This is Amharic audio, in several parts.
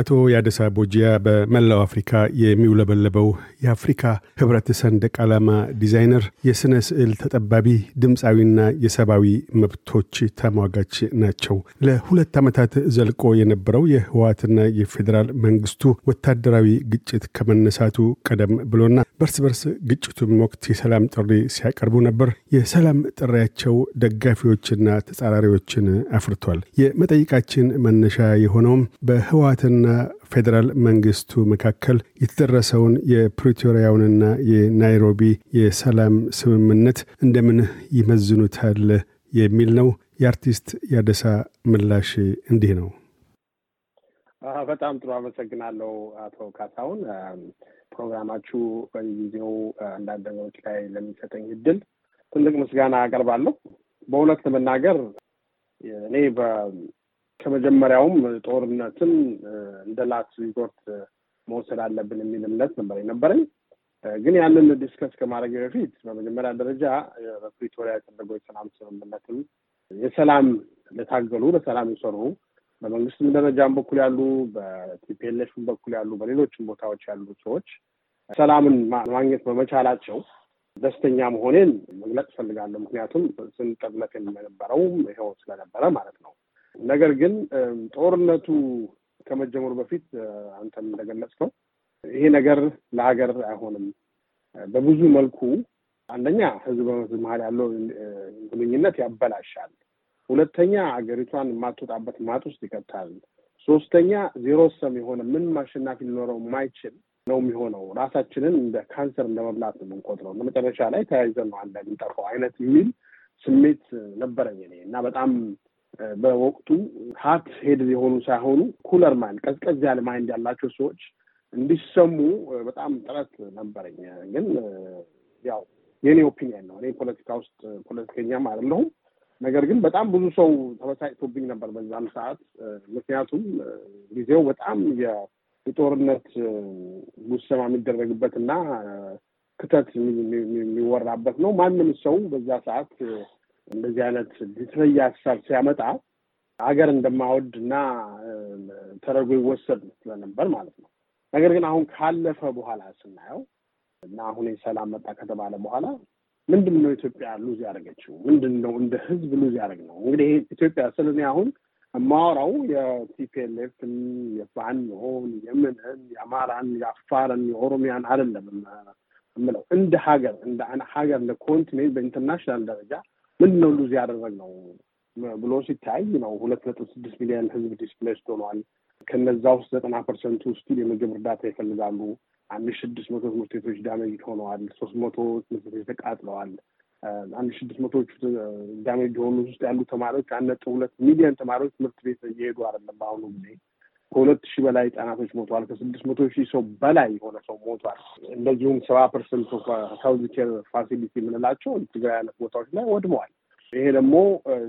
አቶ ያደሳ ቦጂያ በመላው አፍሪካ የሚውለበለበው የአፍሪካ ህብረት ሰንደቅ ዓላማ ዲዛይነር፣ የሥነ ስዕል ተጠባቢ፣ ድምፃዊና የሰብአዊ መብቶች ተሟጋች ናቸው። ለሁለት ዓመታት ዘልቆ የነበረው የህወሓትና የፌዴራል መንግስቱ ወታደራዊ ግጭት ከመነሳቱ ቀደም ብሎና በርስ በርስ ግጭቱም ወቅት የሰላም ጥሪ ሲያቀርቡ ነበር። የሰላም ጥሪያቸው ደጋፊዎችና ተጻራሪዎችን አፍርቷል። የመጠይቃችን መነሻ የሆነውም በህወሓትና ፌዴራል መንግስቱ መካከል የተደረሰውን የፕሪቶሪያውንና የናይሮቢ የሰላም ስምምነት እንደምን ይመዝኑታል የሚል ነው። የአርቲስት ያደሳ ምላሽ እንዲህ ነው። በጣም ጥሩ አመሰግናለሁ አቶ ካሳሁን። ፕሮግራማችሁ በየጊዜው አንዳንድ ነገሮች ላይ ለሚሰጠኝ እድል ትልቅ ምስጋና አቀርባለሁ። በእውነት ለመናገር እኔ ከመጀመሪያውም ጦርነትን እንደ ላስት ሪዞርት መውሰድ አለብን የሚል እምነት ነበር የነበረኝ። ግን ያንን ዲስከስ ከማድረግ በፊት በመጀመሪያ ደረጃ በፕሪቶሪያ የተደረገው የሰላም ስምምነትም የሰላም ለታገሉ ለሰላም የሰሩ በመንግስትም ደረጃም በኩል ያሉ በቲፒኤልኤፍም በኩል ያሉ በሌሎችም ቦታዎች ያሉ ሰዎች ሰላምን ማግኘት በመቻላቸው ደስተኛ መሆኔን መግለጽ እፈልጋለሁ። ምክንያቱም ስንጠብለት የነበረው ይኸው ስለነበረ ማለት ነው። ነገር ግን ጦርነቱ ከመጀመሩ በፊት አንተም እንደገለጽከው ይሄ ነገር ለሀገር አይሆንም። በብዙ መልኩ አንደኛ ህዝብ በህዝብ መሀል ያለው ግንኙነት ያበላሻል። ሁለተኛ ሀገሪቷን የማትወጣበት ማጥ ውስጥ ይከታል። ሶስተኛ ዜሮ ሰም የሆነ ምን ማሸናፊ ሊኖረው የማይችል ነው የሚሆነው። ራሳችንን እንደ ካንሰር እንደ መብላት ነው የምንቆጥረው። በመጨረሻ ላይ ተያይዘን ነው አንድ የምንጠፋው አይነት የሚል ስሜት ነበረኝ እኔ እና በጣም በወቅቱ ሀት ሄድ የሆኑ ሳይሆኑ ኩለር ማይንድ ቀዝቀዝ ያለ ማይንድ ያላቸው ሰዎች እንዲሰሙ በጣም ጥረት ነበረኝ። ግን ያው የኔ ኦፒኒየን ነው። እኔ ፖለቲካ ውስጥ ፖለቲከኛም አይደለሁም። ነገር ግን በጣም ብዙ ሰው ተበሳጭቶብኝ ነበር በዛም ሰዓት። ምክንያቱም ጊዜው በጣም የጦርነት ጉሰማ የሚደረግበት እና ክተት የሚወራበት ነው። ማንም ሰው በዛ ሰዓት እንደዚህ አይነት የተለየ ሀሳብ ሲያመጣ ሀገር እንደማወድ እና ተደርጎ ይወሰድ ስለነበር ማለት ነው። ነገር ግን አሁን ካለፈ በኋላ ስናየው እና አሁን የሰላም መጣ ከተባለ በኋላ ምንድን ነው ኢትዮጵያ ሉዝ ያደረገችው? ምንድን ነው እንደ ህዝብ ሉዝ ያደረግ ነው? እንግዲህ ኢትዮጵያ ስለ እኔ አሁን የማወራው የቲፒኤልኤፍን የፋኖን፣ የምንን፣ የአማራን፣ የአፋርን፣ የኦሮሚያን አይደለም የምለው እንደ ሀገር እንደ ሀገር እንደ ኮንቲኔንት በኢንተርናሽናል ደረጃ ምንድን ነው ሉዝ ያደረግ ነው ብሎ ሲታይ ነው ሁለት ነጥብ ስድስት ሚሊዮን ህዝብ ዲስፕሌስድ ሆኗል። ከነዛ ውስጥ ዘጠና ፐርሰንቱ ስቲል የምግብ እርዳታ ይፈልጋሉ። አንድ ስድስት መቶ ትምህርት ቤቶች ዳሜጅ ሆነዋል። ሶስት መቶ ትምህርት ቤቶች ተቃጥለዋል። አንድ ስድስት መቶዎቹ ዳሜጅ የሆኑ ውስጥ ያሉ ተማሪዎች አንድ ነጥብ ሁለት ሚሊዮን ተማሪዎች ትምህርት ቤት እየሄዱ አይደለም በአሁኑ ጊዜ ከሁለት ሺህ በላይ ህጻናቶች ሞቷል። ከስድስት መቶ ሺህ ሰው በላይ የሆነ ሰው ሞቷል። እንደዚሁም ሰባ ፐርሰንት ሄልዝ ኬር ፋሲሊቲ የምንላቸው ትግራይ አይነት ቦታዎች ላይ ወድመዋል። ይሄ ደግሞ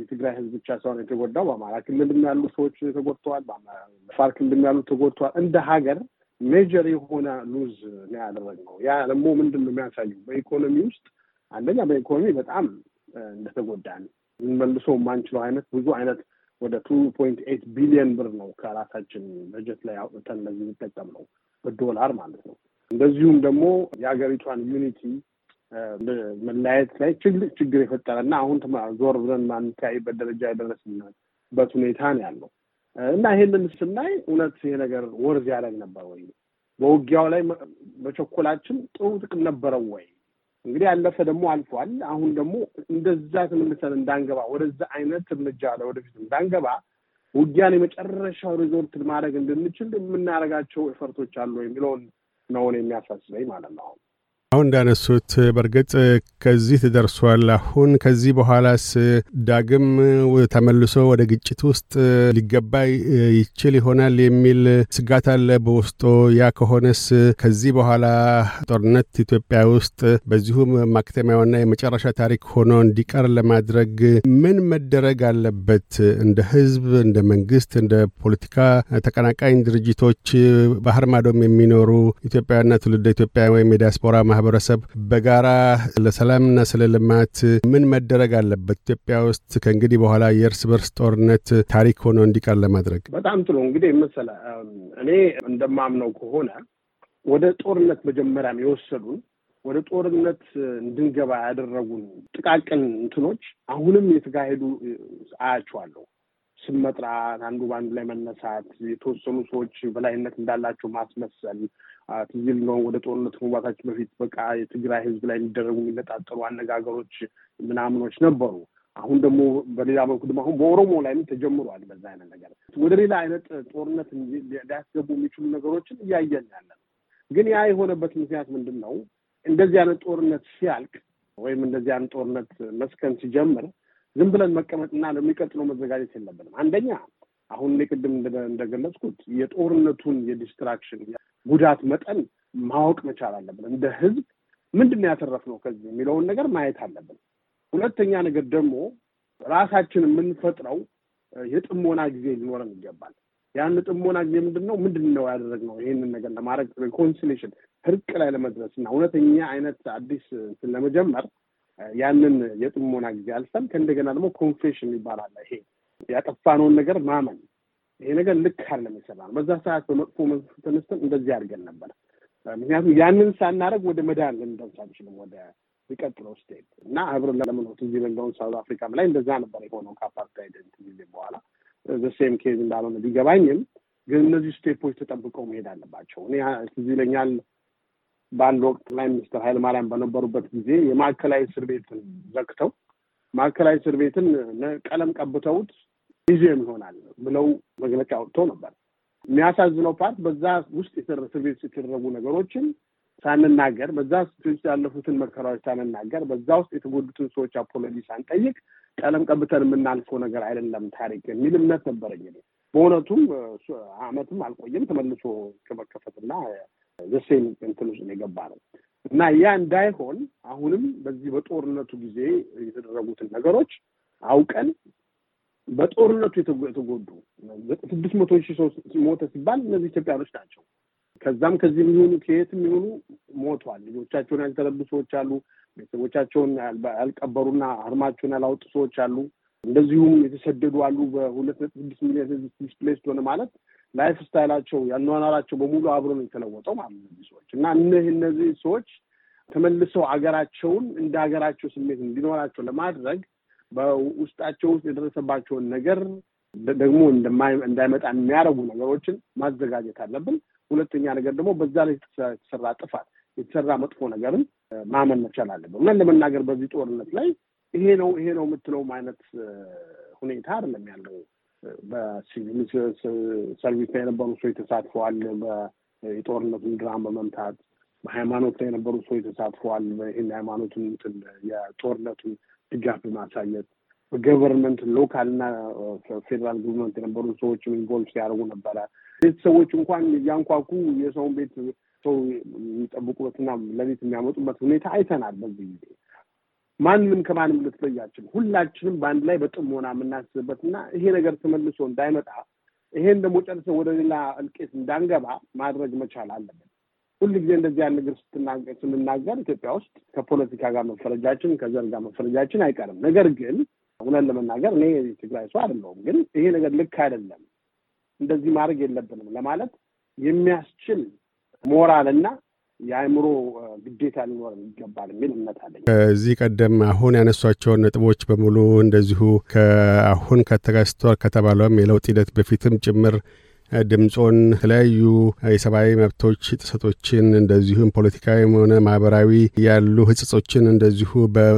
የትግራይ ህዝብ ብቻ ሳይሆን የተጎዳው በአማራ ክልልም ያሉ ሰዎች ተጎድተዋል። በአፋር ክልልም ያሉ ተጎድተዋል። እንደ ሀገር ሜጀር የሆነ ሉዝ ነው ያደረግነው። ያ ደግሞ ምንድን ነው የሚያሳየው? በኢኮኖሚ ውስጥ አንደኛ በኢኮኖሚ በጣም እንደተጎዳን ልንመልሰው የማንችለው አይነት ብዙ አይነት ወደ ቱ ፖይንት ኤይት ቢሊዮን ብር ነው ከራሳችን በጀት ላይ አውጥተን እንደዚህ የሚጠቀም ነው በዶላር ማለት ነው። እንደዚሁም ደግሞ የሀገሪቷን ዩኒቲ መለያየት ላይ ትልቅ ችግር የፈጠረ እና አሁን ዞር ብለን ማንተያይበት ደረጃ የደረስንበት ሁኔታ ነው ያለው እና ይሄንን ስናይ እውነት ይሄ ነገር ወርዝ ያደረግ ነበር ወይ? በውጊያው ላይ መቸኮላችን ጥሩ ጥቅም ነበረው ወይ? እንግዲህ ያለፈ ደግሞ አልፏል። አሁን ደግሞ እንደዛ ትንምሰል እንዳንገባ፣ ወደዛ አይነት እርምጃ ለወደፊት እንዳንገባ ውጊያን የመጨረሻው ሪዞርት ማድረግ እንድንችል የምናደርጋቸው ኤፈርቶች አሉ የሚለውን ነውን የሚያሳስበኝ ማለት ነው። አሁን አሁን እንዳነሱት በእርግጥ ከዚህ ተደርሷል። አሁን ከዚህ በኋላስ ዳግም ተመልሶ ወደ ግጭት ውስጥ ሊገባ ይችል ይሆናል የሚል ስጋት አለ በውስጦ። ያ ከሆነስ ከዚህ በኋላ ጦርነት ኢትዮጵያ ውስጥ በዚሁም ማክተሚያውና የመጨረሻ ታሪክ ሆኖ እንዲቀር ለማድረግ ምን መደረግ አለበት? እንደ ህዝብ፣ እንደ መንግስት፣ እንደ ፖለቲካ ተቀናቃኝ ድርጅቶች ባህር ማዶም የሚኖሩ ኢትዮጵያውያንና ትውልደ ኢትዮጵያ ወይም የዲያስፖራ ማህበረሰብ በጋራ ለሰላምና ስለ ልማት ምን መደረግ አለበት? ኢትዮጵያ ውስጥ ከእንግዲህ በኋላ የእርስ በርስ ጦርነት ታሪክ ሆኖ እንዲቀር ለማድረግ። በጣም ጥሩ እንግዲህ መሰለ እኔ እንደማምነው ከሆነ ወደ ጦርነት መጀመሪያም የወሰዱን ወደ ጦርነት እንድንገባ ያደረጉን ጥቃቅን እንትኖች አሁንም የተካሄዱ አያቸዋለሁ። ስም መጥራት፣ አንዱ በአንዱ ላይ መነሳት፣ የተወሰኑ ሰዎች በላይነት እንዳላቸው ማስመሰል ትዝ ነው ወደ ጦርነት መግባታችን በፊት በቃ የትግራይ ሕዝብ ላይ የሚደረጉ የሚነጣጠሩ አነጋገሮች ምናምኖች ነበሩ። አሁን ደግሞ በሌላ መልኩ ደግሞ አሁን በኦሮሞ ላይም ተጀምሯል። በዛ አይነት ነገር ወደ ሌላ አይነት ጦርነት ሊያስገቡ የሚችሉ ነገሮችን እያየን ያለን ግን ያ የሆነበት ምክንያት ምንድን ነው? እንደዚህ አይነት ጦርነት ሲያልቅ ወይም እንደዚህ አይነት ጦርነት መስከን ሲጀምር ዝም ብለን መቀመጥና ለሚቀጥለው መዘጋጀት የለብንም። አንደኛ አሁን ቅድም እንደገለጽኩት የጦርነቱን የዲስትራክሽን ጉዳት መጠን ማወቅ መቻል አለብን። እንደ ህዝብ ምንድን ነው ያተረፍነው ከዚህ የሚለውን ነገር ማየት አለብን። ሁለተኛ ነገር ደግሞ ራሳችን የምንፈጥረው የጥሞና ጊዜ ሊኖረን ይገባል። ያን ጥሞና ጊዜ ምንድን ነው ምንድን ነው ያደረግነው ይህንን ነገር ለማድረግ ሪኮንሲሌሽን እርቅ ላይ ለመድረስ እና እውነተኛ አይነት አዲስ ለመጀመር ያንን የጥሞና ጊዜ አልፈን ከእንደገና ደግሞ ኮንፌሽን ይባላል። ይሄ ያጠፋነውን ነገር ማመን ይሄ ነገር ልክ አለም የሰራ ነው። በዛ ሰዓት በመጥፎ መንፈስ ተነስተን እንደዚህ አድርገን ነበር። ምክንያቱም ያንን ሳናደርግ ወደ መዳን ልንደርስ አንችልም። ወደ የሚቀጥለው ስቴት እና አብረን ለምንት እዚህ በንገውን ሳውዝ አፍሪካም ላይ እንደዛ ነበር የሆነው ከአፓርታይድ ጊዜ በኋላ ዘሴም ኬዝ እንዳልሆነ ቢገባኝም ግን እነዚህ ስቴፖች ተጠብቀው መሄድ አለባቸው። እኔ ትዝ ይለኛል በአንድ ወቅት ጠቅላይ ሚኒስትር ኃይለማርያም በነበሩበት ጊዜ የማዕከላዊ እስር ቤትን ዘግተው ማዕከላዊ እስር ቤትን ቀለም ቀብተውት ሚዚየም ይሆናል ብለው መግለጫ ወጥቶ ነበር። የሚያሳዝነው ፓርት በዛ ውስጥ እስር ቤት የተደረጉ ነገሮችን ሳንናገር፣ በዛ ውስጥ ያለፉትን መከራዎች ሳንናገር፣ በዛ ውስጥ የተጎዱትን ሰዎች አፖሎጂ ሳንጠይቅ ቀለም ቀብተን የምናልፈው ነገር አይደለም ታሪክ የሚል እምነት ነበረኝ። በእውነቱም አመትም አልቆየም ተመልሶ ከመከፈትና ዘሴም እንትን ውስጥ የገባ ነው እና ያ እንዳይሆን አሁንም በዚህ በጦርነቱ ጊዜ የተደረጉትን ነገሮች አውቀን በጦርነቱ የተጎዱ ስድስት መቶ ሺህ ሰው ሞተ ሲባል እነዚህ ኢትዮጵያኖች ናቸው። ከዛም ከዚህ የሚሆኑ ከየት የሚሆኑ ሞቷል። ልጆቻቸውን ያልተረዱ ሰዎች አሉ። ቤተሰቦቻቸውን ያልቀበሩና አርማቸውን ያላወጡ ሰዎች አሉ። እንደዚሁም የተሰደዱ አሉ። በሁለት ነጥብ ስድስት ሚሊዮን ህዝብ ዲስፕሌስድ ሆነ ማለት ላይፍ ስታይላቸው ያኗኗራቸው በሙሉ አብሮ ነው የተለወጠው ማለት ነው ሰዎች እና እነህ እነዚህ ሰዎች ተመልሰው አገራቸውን እንደ ሀገራቸው ስሜት እንዲኖራቸው ለማድረግ በውስጣቸው ውስጥ የደረሰባቸውን ነገር ደግሞ እንዳይመጣ የሚያደርጉ ነገሮችን ማዘጋጀት አለብን። ሁለተኛ ነገር ደግሞ በዛ ላይ የተሰራ ጥፋት የተሰራ መጥፎ ነገርን ማመን መቻል አለብን እና ለመናገር በዚህ ጦርነት ላይ ይሄ ነው ይሄ ነው የምትለውም አይነት ሁኔታ አይደለም ያለው በሲቪል ሰርቪስ ላይ የነበሩ ሰዎች ተሳትፈዋል። የጦርነቱን ድራም በመምታት በሃይማኖት ላይ የነበሩ ሰዎች ተሳትፈዋል። ይህን ሃይማኖት የጦርነቱን ድጋፍ በማሳየት በገቨርንመንት ሎካል እና ፌዴራል ጎቨርንመንት የነበሩ ሰዎች ኢንቮልቭ ሲያደርጉ ነበረ። ቤተሰቦች እንኳን እያንኳኩ የሰውን ቤት ሰው የሚጠብቁበትና ለቤት የሚያመጡበት ሁኔታ አይተናል በዚህ ጊዜ ማንም ከማንም ልትለያችን ሁላችንም በአንድ ላይ በጥሞና የምናስብበት እና ይሄ ነገር ተመልሶ እንዳይመጣ ይሄን ደግሞ ጨርሰ ወደ ሌላ እልቄት እንዳንገባ ማድረግ መቻል አለብን። ሁል ጊዜ እንደዚህ ያን ነገር ስንናገር ኢትዮጵያ ውስጥ ከፖለቲካ ጋር መፈረጃችን፣ ከዘር ጋር መፈረጃችን አይቀርም። ነገር ግን እውነት ለመናገር እኔ ትግራይ ሰው አይደለሁም፣ ግን ይሄ ነገር ልክ አይደለም፣ እንደዚህ ማድረግ የለብንም ለማለት የሚያስችል ሞራል እና የአእምሮ ግዴታ ሊኖር ይገባል የሚል እምነት አለኝ። ከዚህ ቀደም አሁን ያነሷቸውን ነጥቦች በሙሉ እንደዚሁ ከአሁን ከተከስቷል ከተባለውም የለውጥ ሂደት በፊትም ጭምር ድምፆን የተለያዩ የሰብአዊ መብቶች ጥሰቶችን እንደዚሁም ፖለቲካዊም ሆነ ማህበራዊ ያሉ ህጽጾችን እንደዚሁ በ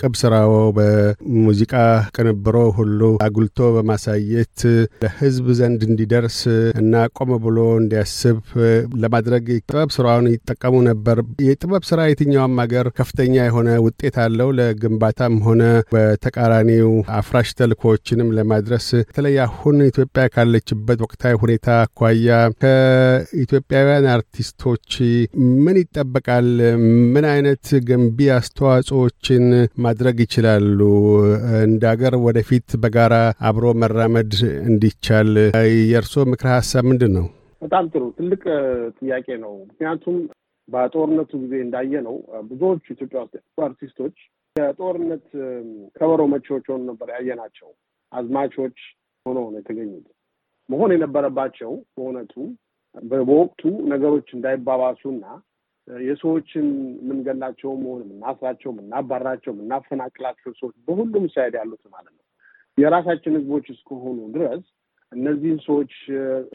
በቅብ ስራዎ፣ በሙዚቃ ቅንብሮ ሁሉ አጉልቶ በማሳየት ለህዝብ ዘንድ እንዲደርስ እና ቆም ብሎ እንዲያስብ ለማድረግ ጥበብ ስራውን ይጠቀሙ ነበር። የጥበብ ስራ የትኛውም ሀገር ከፍተኛ የሆነ ውጤት አለው። ለግንባታም ሆነ በተቃራኒው አፍራሽ ተልእኮዎችንም ለማድረስ በተለይ አሁን ኢትዮጵያ ካለችበት ወቅታዊ ሁኔታ አኳያ ከኢትዮጵያውያን አርቲስቶች ምን ይጠበቃል? ምን አይነት ገንቢ አስተዋጽኦችን ማድረግ ይችላሉ? እንደ ሀገር ወደፊት በጋራ አብሮ መራመድ እንዲቻል የእርስዎ ምክረ ሀሳብ ምንድን ነው? በጣም ጥሩ ትልቅ ጥያቄ ነው። ምክንያቱም በጦርነቱ ጊዜ እንዳየ ነው ብዙዎቹ ኢትዮጵያ ውስጥ አርቲስቶች የጦርነት ከበሮ መቼዎች ሆኑ ነበር ናቸው አዝማቾች ሆኖ ነው የተገኙት። መሆን የነበረባቸው በእውነቱ በወቅቱ ነገሮች እንዳይባባሱና የሰዎችን የምንገላቸው መሆን የምናስራቸው፣ የምናባራቸው፣ የምናፈናቅላቸው ሰዎች በሁሉም ሳይድ ያሉት ማለት ነው የራሳችን ህዝቦች እስከሆኑ ድረስ እነዚህን ሰዎች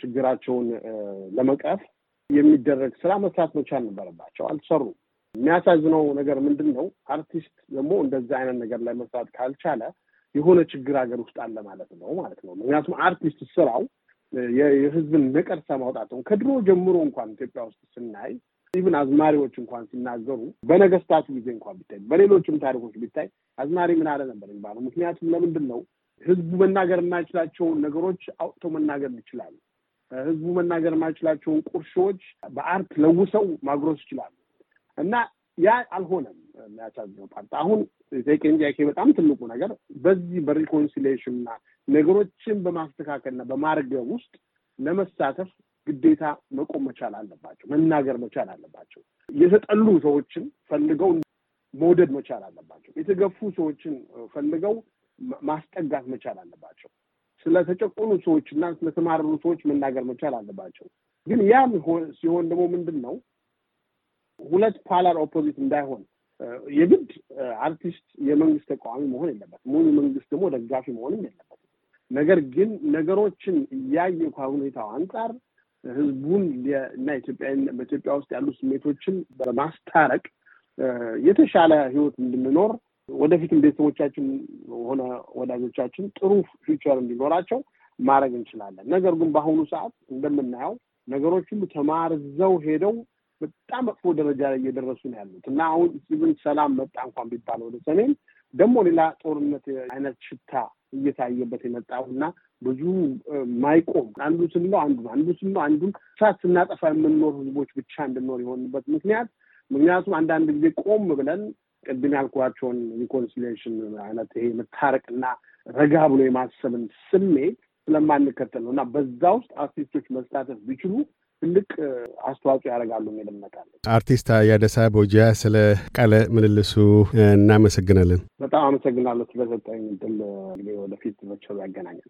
ችግራቸውን ለመቅረፍ የሚደረግ ስራ መስራት መቻል ነበረባቸው። አልሰሩም። የሚያሳዝነው ነገር ምንድን ነው? አርቲስት ደግሞ እንደዚህ አይነት ነገር ላይ መስራት ካልቻለ የሆነ ችግር ሀገር ውስጥ አለ ማለት ነው ማለት ነው። ምክንያቱም አርቲስት ስራው የህዝብን ነቀርሳ ማውጣት ነው። ከድሮ ጀምሮ እንኳን ኢትዮጵያ ውስጥ ስናይ ኢቭን አዝማሪዎች እንኳን ሲናገሩ በነገስታቱ ጊዜ እንኳን ቢታይ በሌሎችም ታሪኮች ቢታይ አዝማሪ ምን አለ ነበር የሚባለው። ምክንያቱም ለምንድን ነው ህዝቡ መናገር የማይችላቸውን ነገሮች አውጥተው መናገር ይችላሉ። ህዝቡ መናገር የማይችላቸውን ቁርሾዎች በአርት ለውሰው ማጉረስ ይችላሉ። እና ያ አልሆነም። የሚያሳዝነው ፓርት አሁን ቴቄን ጥያቄ በጣም ትልቁ ነገር በዚህ በሪኮንሲሌሽን እና ነገሮችን በማስተካከል በማስተካከልና በማርገብ ውስጥ ለመሳተፍ ግዴታ መቆም መቻል አለባቸው፣ መናገር መቻል አለባቸው። የተጠሉ ሰዎችን ፈልገው መውደድ መቻል አለባቸው። የተገፉ ሰዎችን ፈልገው ማስጠጋት መቻል አለባቸው። ስለተጨቆኑ ሰዎች እና ስለተማረሩ ሰዎች መናገር መቻል አለባቸው። ግን ያ ሲሆን ደግሞ ምንድን ነው ሁለት ፓላር ኦፖዚት እንዳይሆን የግድ አርቲስት የመንግስት ተቃዋሚ መሆን የለበትም። ሙሉ መንግስት ደግሞ ደጋፊ መሆንም የለበትም። ነገር ግን ነገሮችን እያየ ከሁኔታው አንጻር ህዝቡን እና ኢትዮጵያን በኢትዮጵያ ውስጥ ያሉ ስሜቶችን በማስታረቅ የተሻለ ህይወት እንድንኖር ወደፊትም ቤተሰቦቻችን ሆነ ወዳጆቻችን ጥሩ ፊውቸር እንዲኖራቸው ማድረግ እንችላለን። ነገር ግን በአሁኑ ሰዓት እንደምናየው ነገሮች ሁሉ ተማርዘው ሄደው በጣም መጥፎ ደረጃ ላይ እየደረሱ ነው ያሉት እና አሁን ኢቭን ሰላም መጣ እንኳን ቢባል ወደ ሰሜን ደግሞ ሌላ ጦርነት አይነት ሽታ እየታየበት የመጣው እና ብዙ ማይቆም አንዱ ስንለው አንዱ አንዱ ስንለው አንዱን እሳት ስናጠፋ የምንኖር ህዝቦች ብቻ እንድንኖር የሆንበት ምክንያት ምክንያቱም አንዳንድ ጊዜ ቆም ብለን ቅድም ያልኳቸውን ሪኮንሲሌሽን አይነት ይሄ መታረቅና ረጋ ብሎ የማሰብን ስሜት ስለማንከተል ነው እና በዛ ውስጥ አርቲስቶች መሳተፍ ቢችሉ ትልቅ አስተዋጽኦ ያደርጋሉ የሚል አርቲስት ያደሳ ቦጃ ስለ ቃለ ምልልሱ እናመሰግናለን። በጣም አመሰግናለሁ ስለሰጠኝ ድል። ወደፊት መቸው ያገናኛል።